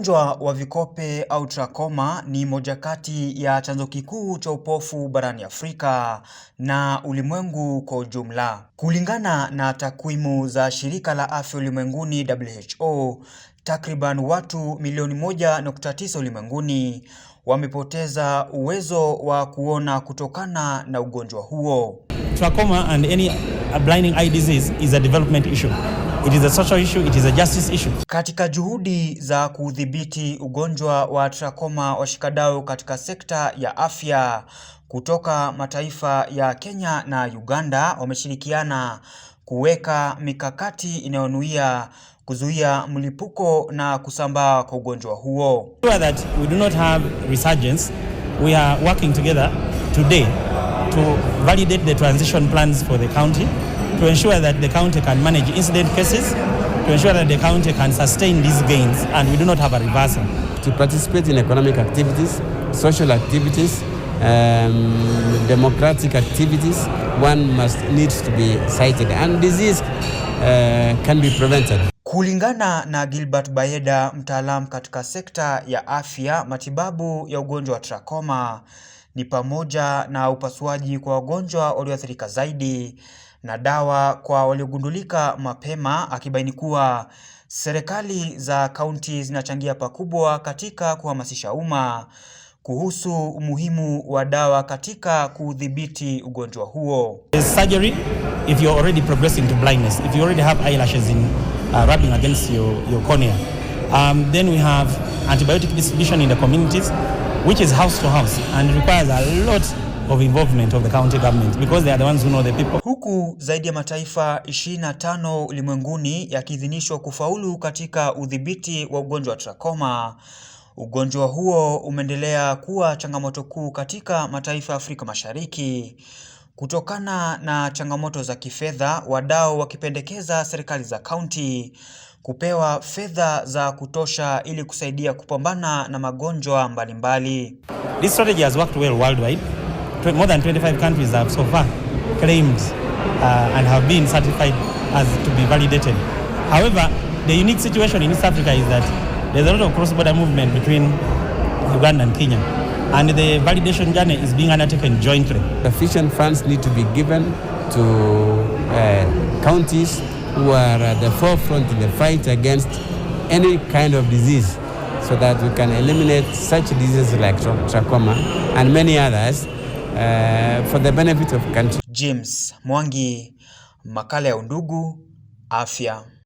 Ugonjwa wa vikope au trachoma ni moja kati ya chanzo kikuu cha upofu barani Afrika na ulimwengu kwa ujumla. Kulingana na takwimu za Shirika la Afya Ulimwenguni WHO, takriban watu milioni 1.9 ulimwenguni wamepoteza uwezo wa kuona kutokana na ugonjwa huo. Trachoma and any blinding eye disease is a development issue. It is a social issue, it is a justice issue. Katika juhudi za kudhibiti ugonjwa wa trakoma, washikadau katika sekta ya afya kutoka mataifa ya Kenya na Uganda wameshirikiana kuweka mikakati inayonuia kuzuia mlipuko na kusambaa kwa ugonjwa huo. That we do not have resurgence. We are working together today to validate the transition plans for the county, to ensure that the county can manage incident cases, to ensure that the county can sustain these gains and we do not have a reversal. To participate in economic activities, social activities, um, democratic activities, one must needs to be cited and disease uh, can be prevented. Kulingana na Gilbert Bayeda, mtaalamu katika sekta ya afya matibabu ya ugonjwa wa trachoma, ni pamoja na upasuaji kwa wagonjwa walioathirika zaidi na dawa kwa waliogundulika mapema, akibaini kuwa serikali za kaunti zinachangia pakubwa katika kuhamasisha umma kuhusu umuhimu wa dawa katika kudhibiti ugonjwa huo. Surgery if you're already progressing to blindness, if you already have eyelashes in uh, rubbing against your, your cornea. Um, then we have antibiotic distribution in the communities, which is house to house and requires a lot of involvement of the county government because they are the ones who know the people. Huku zaidi ya mataifa 25 ulimwenguni yakiidhinishwa kufaulu katika udhibiti wa ugonjwa wa trakoma, ugonjwa huo umeendelea kuwa changamoto kuu katika mataifa ya Afrika Mashariki. Kutokana na changamoto za kifedha, wadau wakipendekeza serikali za kaunti kupewa fedha za kutosha ili kusaidia kupambana na magonjwa mbalimbali. This strategy has worked well worldwide. More than 25 countries have so far claimed uh, and have been certified as to be validated. However, the unique situation in East Africa is that there's a lot of cross-border movement between Uganda and Kenya and the validation journey is being undertaken jointly. Sufficient funds need to be given to uh, counties who are at the forefront in the fight against any kind of disease so that we can eliminate such diseases like trachoma and many others uh, for the benefit of country. James Mwangi, makala ya Undugu Afya.